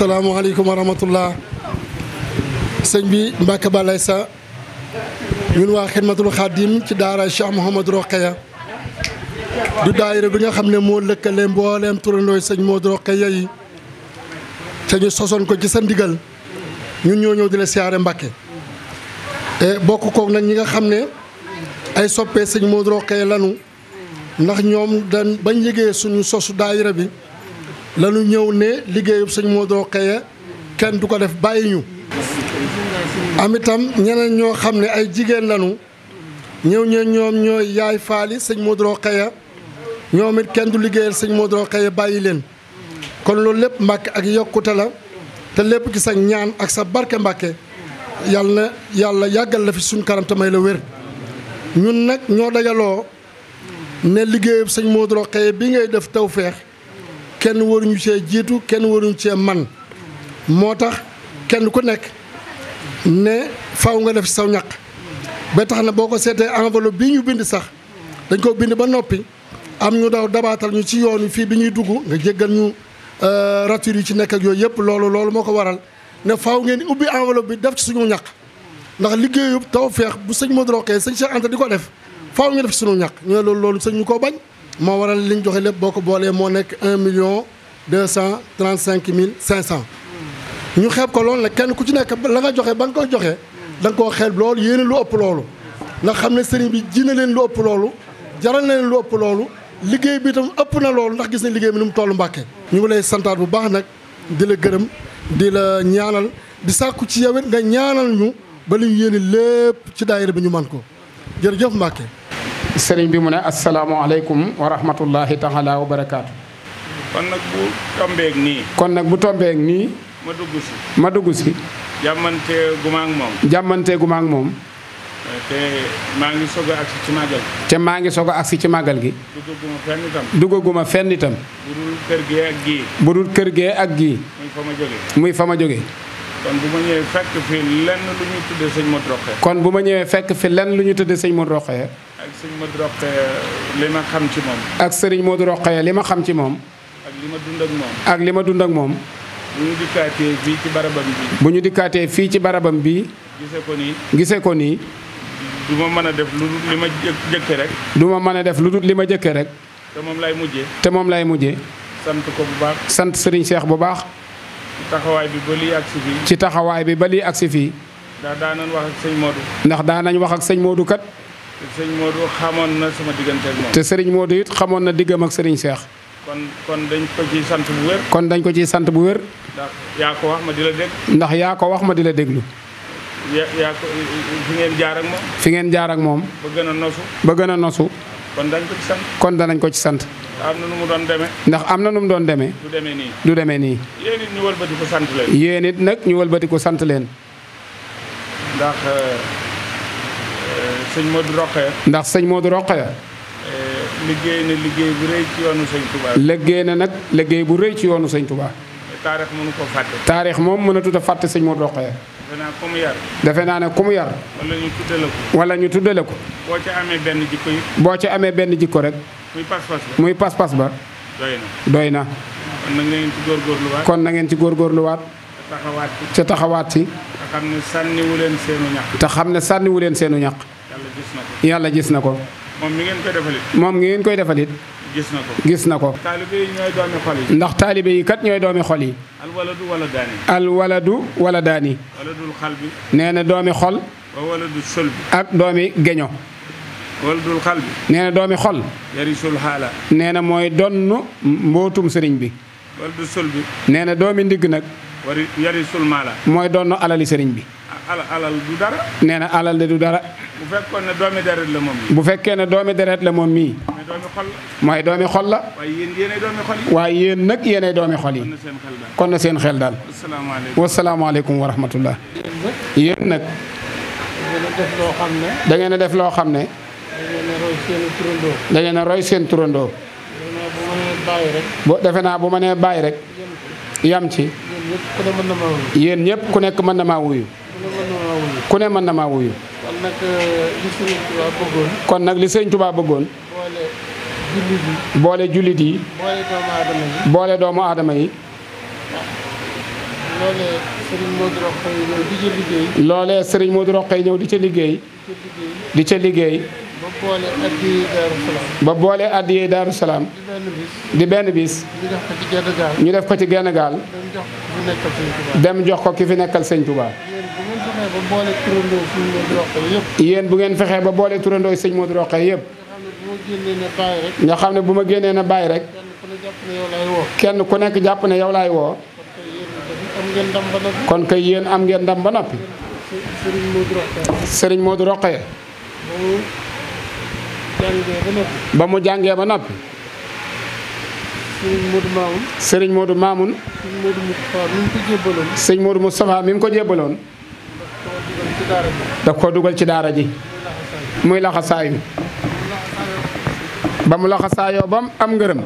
salaamaaleykum wa rahmatullah sëñ bi Mbacke Balaye sa ñun waa xidmatul xaadim ci daara Cheikh Mouhamadou Rokhaya du daayira bi nga xam ne moo lëkkale mbooleem turandooy sëñ Modou Rokhaya yi te ñu sosoon ko ci sa ndigal ñun ñoo ñëw di la siyaare Mbacke e bokk koog nag ñi nga xam ne ay soppee sëñ Modou Rokhaya lanu ndax ñoom dañ bañ yëgee suñu sosu daayira bi lanu ñëw ne liggéeyub sëñ Modou Rokhaya kenn du ko def bàyyi ñu am itam ñeneen ñoo xam ne ay jigéen lanu ñëw ñe ñoom ñoo yaay faali sëñ Modou Rokhaya ñoom it kenn du liggéeyal sëñ Modou Rokhaya bàyyi leen kon loolu lépp mbàkke ak yokkute la te lépp ci sañ ñaan ak sa barke mbàkke yàlla na yàlla yàggal la fi suñ kanam te may la wér ñun nag ñoo dajaloo ne liggéeyub sëñ Modou Rokhaya bi ngay def tawfeex kenn waruñu see jiitu kenn waruñu cee man moo tax kenn ku nekk ne faw nga def saw ñaq ba tax na boo ko seetee enveloppe bii ñu bind sax dañ ko bind ba noppi am ñu daw dabaatal ñu ci yoon wi fii bi ñuy dugg nga jéggal ñu euh, rature yi ci nekk yooyu yëpp loolu loolu moo ko waral ne faaw ngeen ubbi enveloppe bi def ci suñu ñaq ndax liggéeyu taw feex bu sëñ Modou Rokhaya sëñ Cheikh Anta di ko def faaw nga def ci suñu ñaq ñu ne loolu loolu sëñ ñu koo bañ moo waral li ñu joxe lépp boo ko boolee moo nekk un million deux cent trente cinq mille cinq cent ñu xeeb ko loolu nag kenn ku ci nekk la nga joxe ba nga koy joxe danga nga koo xeeb loolu yéene lu ëpp loolu ndax xam ne sëriñ bi ji leen lu ëpp loolu jaral na leen lu ëpp loolu liggéey bi itam ëpp na loolu ndax gis nañ liggéey bi nu mu toll mbàkke ñu ngi lay santaar bu baax nag di la gërëm di la ñaanal di sàkku ci yow it nga ñaanal ñu ba li ñu yéene lépp ci daayira bi ñu man ko jërëjëf mbàkke sëriñ bi mu ne asalaamaaleykum wa rahmatullahi taala wa barakaatu. kon nag bu tombeek nii. kon nag bu tombeek nii. ma dugg si. ma dugg si. jàmmante gu ma ak moom. jàmmante gu ma moom. te maa ngi soog a agsi ci màggal gi. te maa ngi soog a agsi ci màggal gi. duggaguma fenn itam. duggaguma fenn itam. budul kër gee ak gii. budul kër gee ak gii. muy fa ma jóge muy fa ma jógee. kon bu ma ñëwee fekk fi lenn lu ñu tuddee sëñ Modou Rokhaya. kon bu ma ñëwee fekk fi lenn lu ñu tuddee sëñ Modou Rokhaya. ak sëñ Modou Rokhaya li ma xam ci moom. ak sëriñ Modou Rokhaya li ma xam ci moom. ak li ma dund ak moom. ak li ma dund ak moom. bu ñu dikkaatee fii ci barabam bi bu ñu dikkaatee fii ci barabam bi gisee ko nii. gisee ko nii. du ma mën a def lu dul li ma jëkke rek. du ma mën a def lu dul li ma jëkke rek. te moom lay mujjee. te moom lay mujjee. sant ko bu baax. sant sëriñ Cheikh bu baax. ci taxawaay bi ba lii agsi fii. ci taxawaay bi ba lii fii. ndax daan nañ wax ak sëñ Modou. ndax daan nañ wax ak sëñ Modou kat. te sëñ Modou xamoon na sama diggante ak te sëriñ Modou it xamoon na diggam ak sëriñ Cheikh. kon kon dañ ko ciy sant bu wér. kon dañ ko ci sant bu wér. ndax yaa ko wax ma di la dégg. ndax yaa ko wax ma di la déglu. ya yaa ko fi ngeen jaar ak moom. fi ngeen jaar moom. ba gën a nosu. ba a nosu. kon dañ ko ci sant. kon danañ ko ci sant. am na nu mu doon demee. ndax am na nu mu doon demee. du demee nii du demee nii. yéen ñu wëlbati ko sant leen. nag ñu wëlbati sant leen. Euh, sëñ moo Rokhaya. ndax sëñ Modou Rokhaya. Eh, liggéey na liggéey bu rëy ci yoonu sëñ Touba. liggéey na nag liggéey bu rëy ci yoonu sëñ Touba. taarix mënu ko fàtte. taarix moom mënatut a fàtte sëñ Modou Rokhaya. defe naa ku mu defe naa ne ku mu yar. wala ñu tuddale ko. wala ñu ko. boo ca amee benn jikko boo ca amee benn jikko rek. muy pas-pas ba muy pas-pas doy na doy na. kon na ngeen ci góorgóorluwaat. kon na ngeen ci góorgóorluwaat. ca taxawaat ci taxawaat ci. te xam ne sànniwu leen seenu ñàq. te xam ne sànniwu leen seenu ñaq yàlla gis na ko. yàlla gis na ko. moom mi ngeen koy defalit. moom ngeen koy defalit. gis na ko gis na ko. taalibe yi ñooy doomi xol yi. ndax taalibe yi kat ñooy doomi xol yi. alwaladu wala daani. alwaladu wala daani. xal bi. nee na doomi xol. wa sol bi. ak doomi geño. waladul xal bi. nee na xol. yarisul xaala. nee na mooy donnu mbootum sëriñ bi. waladu sol bi. nee na doomi ndigg nag. wari yarisul maala. mooy donnu alali sëriñ bi. alal alal du dara. bu fekkoon la moom bu fekkee ne doomi dereet la moom mii. mooy doomi xol la. waaye yéen yéenay doomi nag yéenay doomi xol yi. kon na seen xel daal. wasalaamaaleykum wa rahmatullah. yéen nag. da ngeen a def loo xam ne. dangeen a roy seen turandoo. bu defe naa bu ma nee bàyyi rek. yam ci. yéen ñëpp ku nekk mën na maa wuyu. ku ne mën na maa wuyu. Euh, kon nag li Serigne Touba bëggoon. boole jullit yi. boole doomu aadama yi. loole sëriñ moo yi. di ca liggéey. ñëw di ca liggéey. di ba boole addiyee Daaru Salaam. ba di benn bis. ñu def ko ci genn gaal. dem jox ko ki fi nekkal Serigne Touba. ba yéen bu ngeen fexee ba boole turandoo sëñ Modou Rokhaya yëpp. nga xam ne bu ma génnee na bàyyi rek. kenn ku nekk jàpp ne yow laay woo. kon kay yéen am ngeen ndam ba noppi. sëriñ Modou Rokhaya. ba mu jàngee ba noppi. sëriñ Modou Mamoun. sëriñ Modou Mamoun. sëriñ Modou Moustapha mi mu ko jébbaloon. mu ko jébbaloon. daf koo dugal ci daara ji muy laxasaayu ba mu laxasaayoo ba mu am ngërëm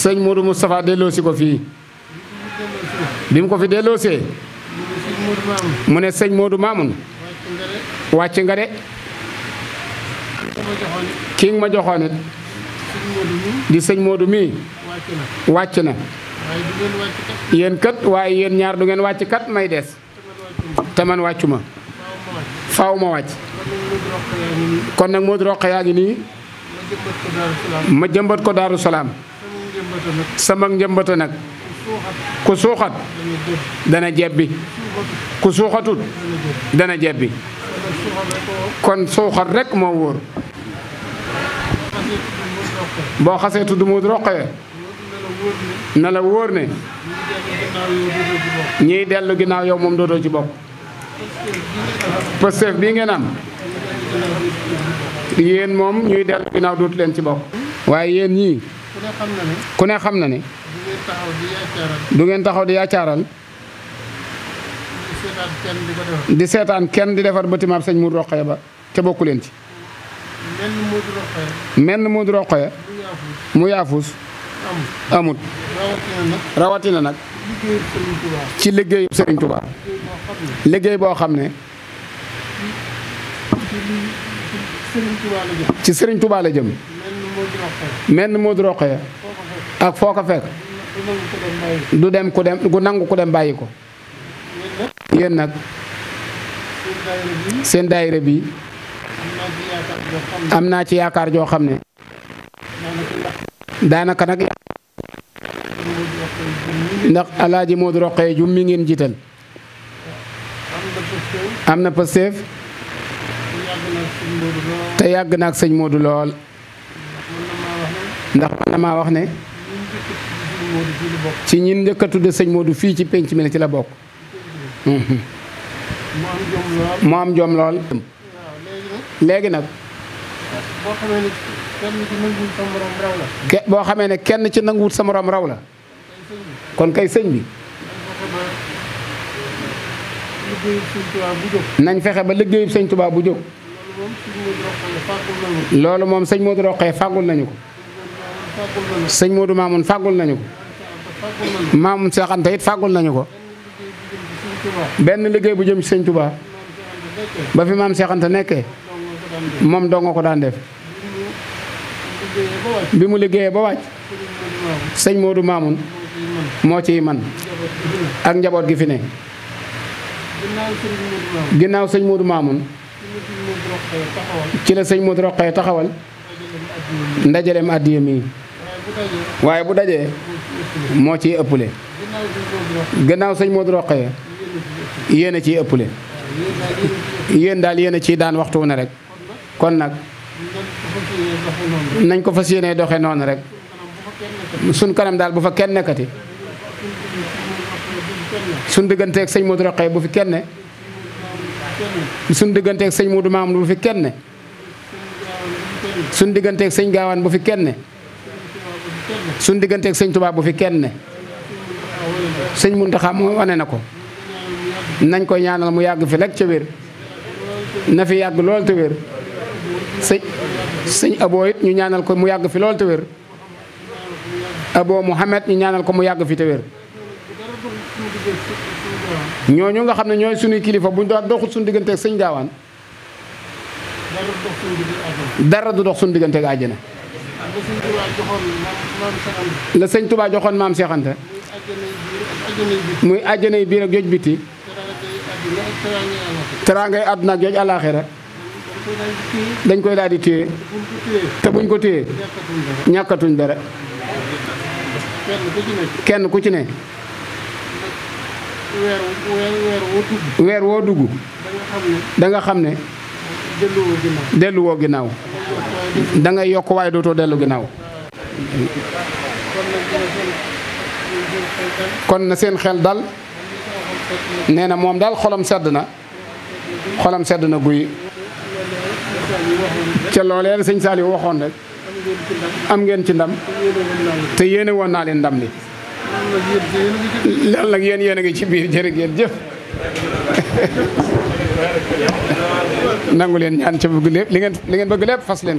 sëñ moodu mu safaa delloosi ko fii bi mu ko fi delloosee mu ne sëñ Modou Mamoun wàcc nga de ki ma joxoon di sëñ Modou mii wàcc na yéen kat waaye yéen ñaar du ngeen wàcc kat may des te man wàccu ma faaw ma wàcc kon nag roq Rokhaya gi nii ma jëmbat ko Daaru Salaam sama njëmbata nag ku suuxat dana bi ku suuxatut dana bi kon suuxat rek moo wóor boo xasee tudd Modou Rokhaya na la wóor ne ñiy dellu ginnaaw yow moom dootoo ci bopp pëstef bii ngeen am yéen moom ñuy dellu ginnaaw dootu leen ci bokk waaye yéen ñii ku ne xam na ne du ngeen taxaw di yaacaaral di seetaan kenn di defar bâtiment sëñ Modou Rokhaya ba te bokku leen ci menn Modou Rokhaya mu yaafuus amut rawatina nag ci liggéeyu Serigne Touba liggéey boo xam ne ci Serigne Touba la jëm menn moo di roqee ak foo ko fekk du dem ku dem ku nangu ku dem bàyyi ko yéen nag seen daayira bi am naa ci yaakaar joo xam ne daanaka nag ndax alaaji Moodu Roqee ju mi ngeen jiital am na pësteef te yàgg na ak sëñ Moodu lool ndax man maa wax ne ci ñin njëkk tudd sëñ Moodu fii ci penc mi la ci la bokk mu am jom lool léegi nag boo xamee ne kenn ci nanguwut sa morom boo xamee ne kenn ci nanguwut sa raw la kon kay sëñ bi nañ fexe ba liggéeyub sëñ Tuubaa bu jóg loolu moom sëñ Modou Rokhaya fàggul nañu ko sëñ Modou Mamoun fàggul nañu ko Mamoun Cheikh Anta fàggul nañu ko benn liggéey bu jëm ci sëñ Tuubaa ba fi maam Cheikh Anta nekkee moom donga ko daan def bi mu liggéeyee ba wàcc sëñ Modou Mamoun moo ciy man ak njaboot gi fi ne ginnaaw sëñ Modou Mamoun ci la sëñ Modou Roqee taxawal ndajaleem àddiya mi waaye bu dajee moo ciy ëppale ginnaaw sëñ Modou Roqee yéen a ciy ëppale yéen daal yéen a ciy daan waxtu ne rek kon nag nañ ko fas yéenee doxe noonu rek suñ kanam daal bu fa kenn nekkati suñ digganteek sëñ Modou Rokhaya bu fi kenn suñ digganteeg sëñ Modou Mamoun bu fi kenn suñ digganteeg sëñ Gaawaan bu fi kenn suñ digganteeg sëñ tubaab bu fi kenn ne sëñ Mountakha moo wane na ko nañ ko ñaanal mu yàgg fi rek ca wér na fi yàgg lool te sëñ sëñ aboo it ñu ñaanal ko mu yàgg fi lool te wér aboo Mouhamed ñu ñaanal ko mu yàgg fi te ñooñu nga xam ne ñooy suñuy kilifa bu doon doxul suñu diggante ak sëñ gaawaan dara du dox suñ diggante ak la sëñ Touba joxoon maam Seex muy àjjana yi biir ak joj biti teraangay àdduna ak joj alaaxira dañ koy daal di téye te buñ ko téye ñàkkatuñ dara kenn ku ci ne weer woo dugg. danga xam ne. delluwoo ginnaaw delluwoo yokk waaye dootoo dellu ginnaaw. kon na seen xel dal. nee na moom daal xolam sedd na. xolam sedd na guy. ca loolee la sëñ Saliou waxoon rek. am ngeen ci ndam. te yéene woon naa leen ndam li. loolu nag yéen yéen a ngi ci biir jërë ngeen jëf nangu leen ñaan ca bëgg lépp li ngeen li ngeen bëgg lépp fas leen